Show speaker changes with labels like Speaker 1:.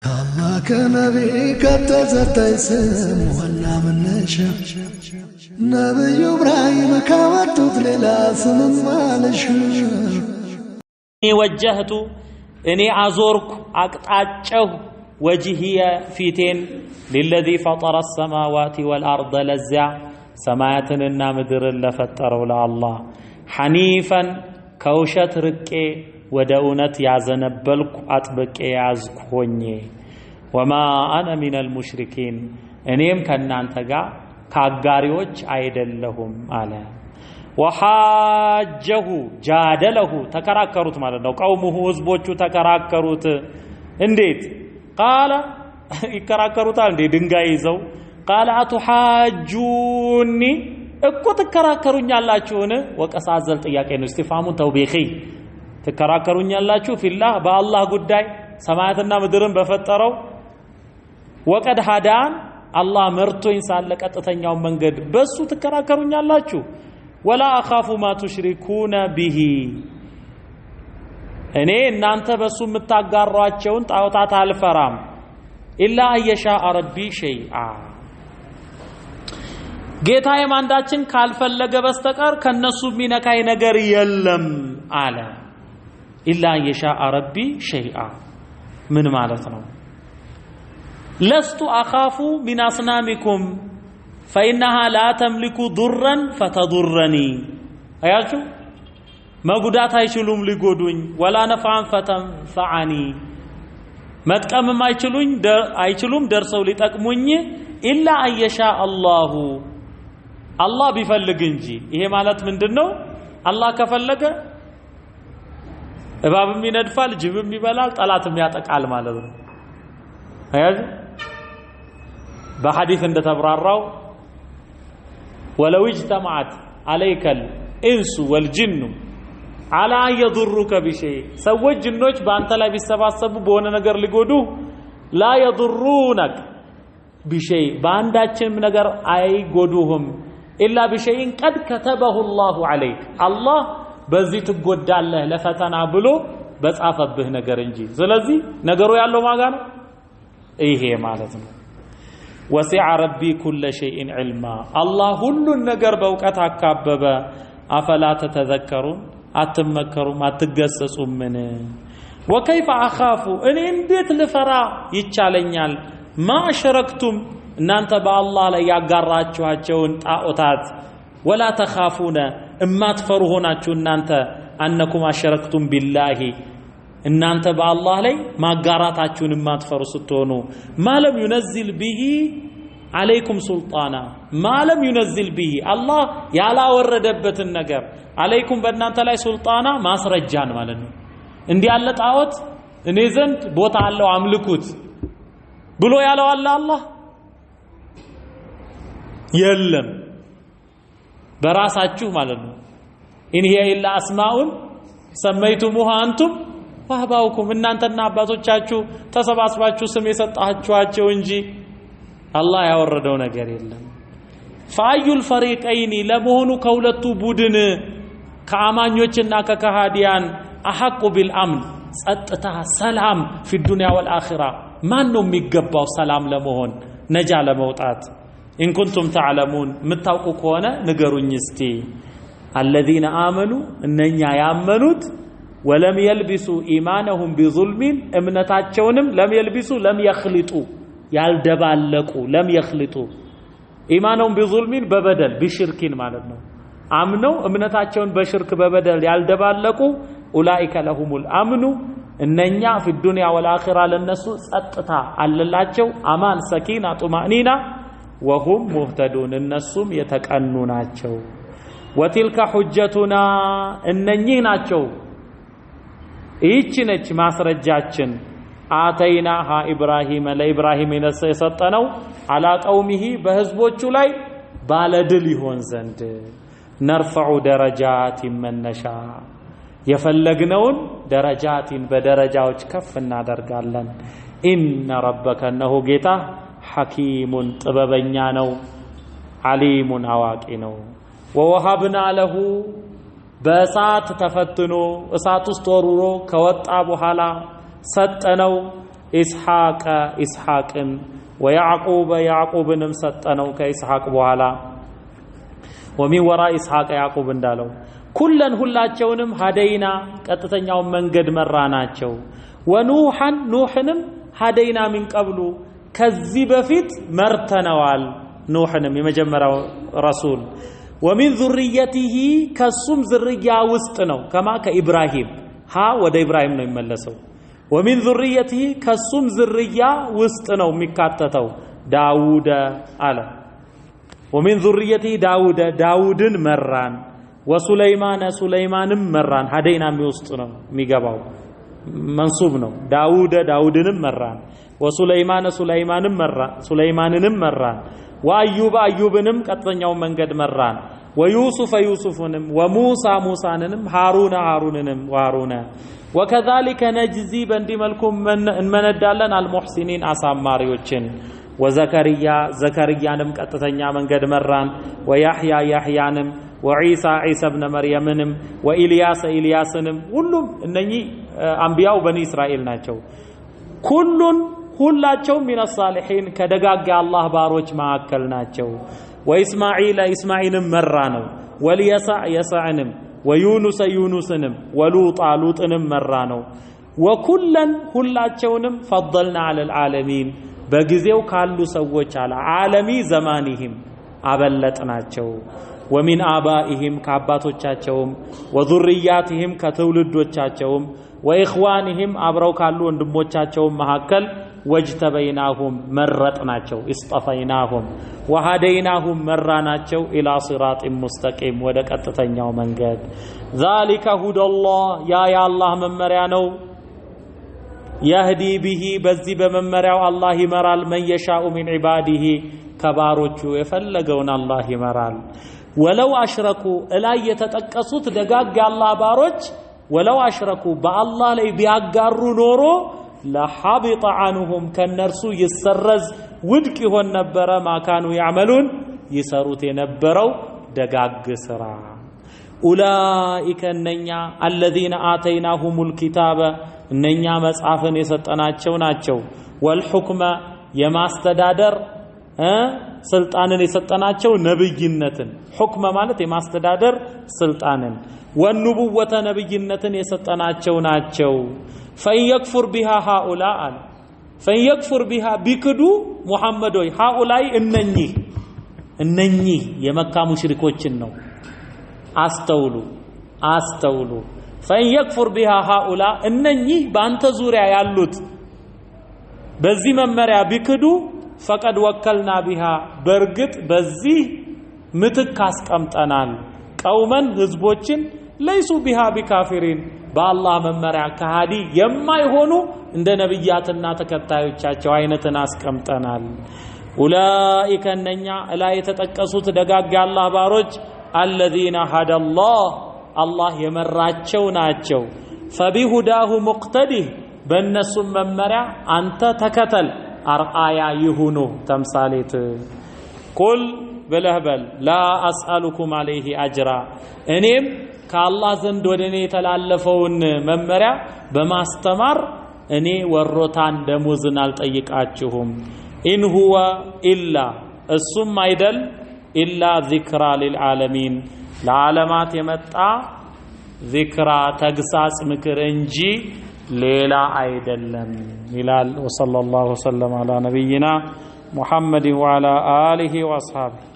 Speaker 1: الله من نبي إبراهيم
Speaker 2: وجهت إني أزورك أقطعته وجهي فيتين للذي فطر السماوات والأرض لزع سماياتنا مدر لفطروا الله حنيفا كوشت ركي ወደ እውነት ያዘነበልኩ አጥብቄ ያዝኩ ሆኜ ወማ አነ ሚነል ሙሽሪኪን እኔም ከእናንተ ጋር ከአጋሪዎች አይደለሁም አለ። ወሓጀሁ ጃደለሁ ተከራከሩት ማለት ነው። ቀውሙሁ ህዝቦቹ ተከራከሩት። እንዴት ቃለ ይከራከሩታል እንዴ? ድንጋይ ይዘው ቃለ አቱሓጁኒ እኮ ትከራከሩኛላችሁን? ወቀሳዘል ጥያቄ ነው። እስቲፋሙን ተውቢኺ ትከራከሩኛላችሁ ፊላህ በአላህ ጉዳይ ሰማያትና ምድርን በፈጠረው ወቀድ ሀዳን አላህ መርቶኝ ሳለ ቀጥተኛውን መንገድ በሱ ትከራከሩኛላችሁ። ወላ አኻፉ ማ ቱሽሪኩነ ቢሂ እኔ እናንተ በሱ የምታጋሯቸውን ጣዖታት አልፈራም። ኢላ አየሻ ረቢ ሸይአ ጌታዬም አንዳችን ካልፈለገ በስተቀር ከነሱ የሚነካይ ነገር የለም አለ። ኢላ የሻ ረቢ ሸይአ ምን ማለት ነው? ለስቱ አኻፉ ሚን አስናሚኩም ፈኢናሃ ላ ተምሊኩ ዱረን ፈተዱረኒ። አያችሁ መጉዳት አይችሉም ሊጎዱኝ፣ ወላ ነፍዓን ፈተንፈዓኒ መጥቀምም አይችሉም ደርሰው ሊጠቅሙኝ። ኢላ አንየሻ አላሁ አላህ ቢፈልግ እንጂ። ይሄ ማለት ምንድን ነው? አላህ ከፈለገ እባብም ይነድፋል፣ ጅብም ይበላል፣ ጠላትም ያጠቃል ማለት ነው። አያዙ በሐዲስ እንደተብራራው ወለው ኢጅተመዐት አለይከል ኢንሱ ወልጅኑ አላ የዱሩከ ቢሸይ ሰዎች ጅኖች በአንተ ላይ ቢሰባሰቡ በሆነ ነገር ሊጎዱ ላ የዱሩነክ ቢሸይ በአንዳችንም ነገር አይጎዱሁም ኢላ ቢሸይን ቀድ ከተበሁ ላሁ አለይክ አላህ በዚህ ትጎዳለህ ለፈተና ብሎ በጻፈብህ ነገር እንጂ። ስለዚህ ነገሩ ያለው ማጋ ነው፣ ይሄ ማለት ነው። ወሲዐ ረቢ ኩለ ሸይእን ዕልማ አላህ ሁሉን ነገር በእውቀት አካበበ። አፈላ ተተዘከሩን አትመከሩም አትገሰጹምን? ወከይፈ አኻፉ እኔ እንዴት ልፈራ ይቻለኛል? ማ አሸረክቱም እናንተ በአላህ ላይ ያጋራችኋቸውን ጣዖታት ወላ ተኻፉነ እማትፈሩ ሆናችሁ እናንተ አነኩም አሸረክቱም ቢላሂ እናንተ በአላህ ላይ ማጋራታችሁን የማትፈሩ ስትሆኑ ማለም ዩነዝል ቢሂ አለይኩም ሱልጣና ማለም ዩነዝል ቢሂ አላህ ያላወረደበትን ነገር አለይኩም በእናንተ ላይ ሱልጣና ማስረጃን ማለት ነው። እንዲህ ያለ ጣዖት እኔ ዘንድ ቦታ አለው አምልኩት ብሎ ያለው አለ አላህ የለም። በራሳችሁ ማለት ነው። ኢን ሂየ ኢላ አስማኡን ሰመይቱሙሃ አንቱም ወአባኡኩም እናንተና አባቶቻችሁ ተሰባስባችሁ ስም የሰጣችኋቸው እንጂ አላህ ያወረደው ነገር የለም። ፈአዩል ፈሪቀይኒ ለመሆኑ ከሁለቱ ቡድን ከአማኞችና ከከሃዲያን አሐቁ ቢልአምን ጸጥታ፣ ሰላም ፊዱንያ ዱንያ ወልአኺራ ማን ነው የሚገባው ሰላም ለመሆን ነጃ ለመውጣት ኢንኩንቱም ተዕለሙን የምታውቁ ከሆነ ንገሩኝ እስቲ። አለዚነ አመኑ እነኛ ያመኑት ወለም የልቢሱ ኢማነሁም ቢዙልሚን እምነታቸውንም ለም የልቢሱ ለም የኽሊጡ ያልደባለቁ ለም የኽሊጡ ኢማነሁም ቢዙልሚን በበደል ቢሽርኪን ማለት ነው። አምነው እምነታቸውን በሽርክ በበደል ያልደባለቁ ኡላኢከ ለሁሙል አምኑ እነኛ ፊዱንያ ዱንያ ወልአኺራ ለነሱ ጸጥታ አለላቸው። አማን ሰኪና ጡማእኒና ወሁም ሙህተዱን እነሱም የተቀኑ ናቸው። ወቲልከ ሑጀቱና እነኚህ ናቸው ይህች ነች ማስረጃችን አተይና ሀ ኢብራሂመ ለኢብራሂም የሰጠነው አላ ቀውሚሂ በህዝቦቹ ላይ ባለድል ይሆን ዘንድ ነርፈዑ ደረጃቲን መነሻ የፈለግነውን ደረጃቲን በደረጃዎች ከፍ እናደርጋለን። ኢነ ረበከ እነሆ ጌታ ሐኪሙን ጥበበኛ ነው፣ ዓሊሙን አዋቂ ነው። ወወሀብና ለሁ በእሳት ተፈትኖ እሳት ውስጥ ወርውሮ ከወጣ በኋላ ሰጠነው ኢስሐቀ ኢስሐቅን ወያዕቁበ ያዕቁብንም ሰጠነው ከኢስሐቅ በኋላ ወሚን ወራ ኢስሐቅ ያዕቁብ እንዳለው ኩለን ሁላቸውንም ሀደይና ቀጥተኛውን መንገድ መራ ናቸው። ወኑሐን ኑሕንም ሀደይና ሚንቀብሉ ከዚህ በፊት መርተነዋል ኑሕንም የመጀመሪያው ረሱል ወሚን ዙርየቲሂ ከሱም ዝርያ ውስጥ ነው ከማ ከኢብራሂም ሀ ወደ ኢብራሂም ነው የሚመለሰው ወሚን ዙርየቲሂ ከሱም ዝርያ ውስጥ ነው የሚካተተው ዳውደ አለ ወሚን ዙርየቲሂ ዳውደ ዳውድን መራን ወሱለይማነ ሱለይማንም መራን ሀደይናሚ ውስጥ ነው የሚገባው መንሱብ ነው። ዳውደ ዳውድንም መራን፣ ወሱለይማነ ሱለይማንም መራን፣ ሱለይማንንም መራን፣ ወአዩበ አዩብንም ቀጥተኛውን መንገድ መራን፣ ወዩሱፈ ዩሱፍንም፣ ወሙሳ ሙሳንንም፣ ሃሩነ ሃሩንንም ሃሩነ ወከዛሊከ ነጅዚ በእንዲህ መልኩ እንመነዳለን አልሙሕሲኒን አሳማሪዎችን ወዘከርያ ዘከርያንም ቀጥተኛ መንገድ መራን፣ ወያሕያ ያሕያንም ወዒሳ ዒሳ ብነ መርየምንም ወኢልያስ ኢልያስንም ሁሉም እነኚህ አንቢያው በኒ እስራኤል ናቸው። ኩሉን ሁላቸውም ሚነ ሳሊሒን ከደጋጋ አላህ ባሮች መካከል ናቸው። ወኢስማዒል ኢስማዒልም መራ ነው። ወልየሳዕ የሳዕንም ወዩኑሰ ዩኑስንም ወሉጣ ሉጥንም መራ ነው። ወኩለን ሁላቸውንም ፈደልና አለል ዓለሚን በጊዜው ካሉ ሰዎች አለ ዓለሚ ዘማኒህም ወሚን አባኢህም ከአባቶቻቸውም ወዙርያትህም ከትውልዶቻቸውም ወኢኽዋንህም አብረው ካሉ ወንድሞቻቸውም መካከል ወጅተበይናሁም መረጥናቸው ኢስጠፈይናሁም ወሃደይናሁም መራናቸው ኢላ ሲራጢን ሙስተቂም ወደ ቀጥተኛው መንገድ ዛሊከ ሁደላህ ያ የአላህ መመሪያ ነው የህዲ ቢሂ በዚህ በመመሪያው አላህ ይመራል መን የሻኡ ሚን ዒባዲሂ ከባሮቹ የፈለገውን አላህ ይመራል ወለው አሽረኩ እላይ የተጠቀሱት ደጋግ ያላ ባሮች ወለው አሽረኩ በአላህ ላይ ቢያጋሩ ኖሮ ለሐቢጠ አንሁም ከነርሱ ይሰረዝ ውድቅ ይሆን ነበረ ማካኑ ያዕመሉን ይሰሩት የነበረው ደጋግ ስራ ኡላኢከ እነኛ አለዚነ አተይናሁሙል ኪታበ እነኛ መጽሐፍን የሰጠናቸው ናቸው ወልሑክመ የማስተዳደር ስልጣንን የሰጠናቸው ነብይነትን ሑክመ ማለት የማስተዳደር ስልጣንን ወኑቡወተ ነብይነትን የሰጠናቸው ናቸው። ፈንየክፉር ቢሃ ሃኡላ አለ ፈንየክፉር ቢሃ ቢክዱ ሙሐመድ ሃኡላይ እነኚህ እነኚህ የመካ ሙሽሪኮችን ነው። አስተውሉ አስተውሉ። ፈንየክፉር ቢሃ ሃኡላ እነኚህ በአንተ ዙሪያ ያሉት በዚህ መመሪያ ቢክዱ ፈቀድ ወከልና ቢሃ በእርግጥ በዚህ ምትክ አስቀምጠናል ቀውመን ህዝቦችን ለይሱ ቢሃ ቢካፊሪን በአላህ መመሪያ ከሃዲ የማይሆኑ እንደ ነብያትና ተከታዮቻቸው አይነትን አስቀምጠናል። ኡላኢከ እነኛ እላይ የተጠቀሱት ደጋግ የአላህ ባሮች አለዚነ ሀደላህ አላህ የመራቸው ናቸው። ፈቢሁዳሁ ሙቅተዲህ በእነሱም መመሪያ አንተ ተከተል። አርአያ ይሁኑ ተምሳሌት። ቁል ብለህ በል ላ አስአሉኩም አለይህ አጅራ እኔም ከአላህ ዘንድ ወደ እኔ የተላለፈውን መመሪያ በማስተማር እኔ ወሮታን ደሞዝን አልጠይቃችሁም። ኢን ሁወ ኢላ እሱም አይደል ኢላ ዚክራ ሊልዓለሚን ለዓለማት የመጣ ዚክራ ተግሳጽ ምክር እንጂ ليلا عيد اللم وصلى الله وسلم على نبينا محمد وعلى آله وأصحابه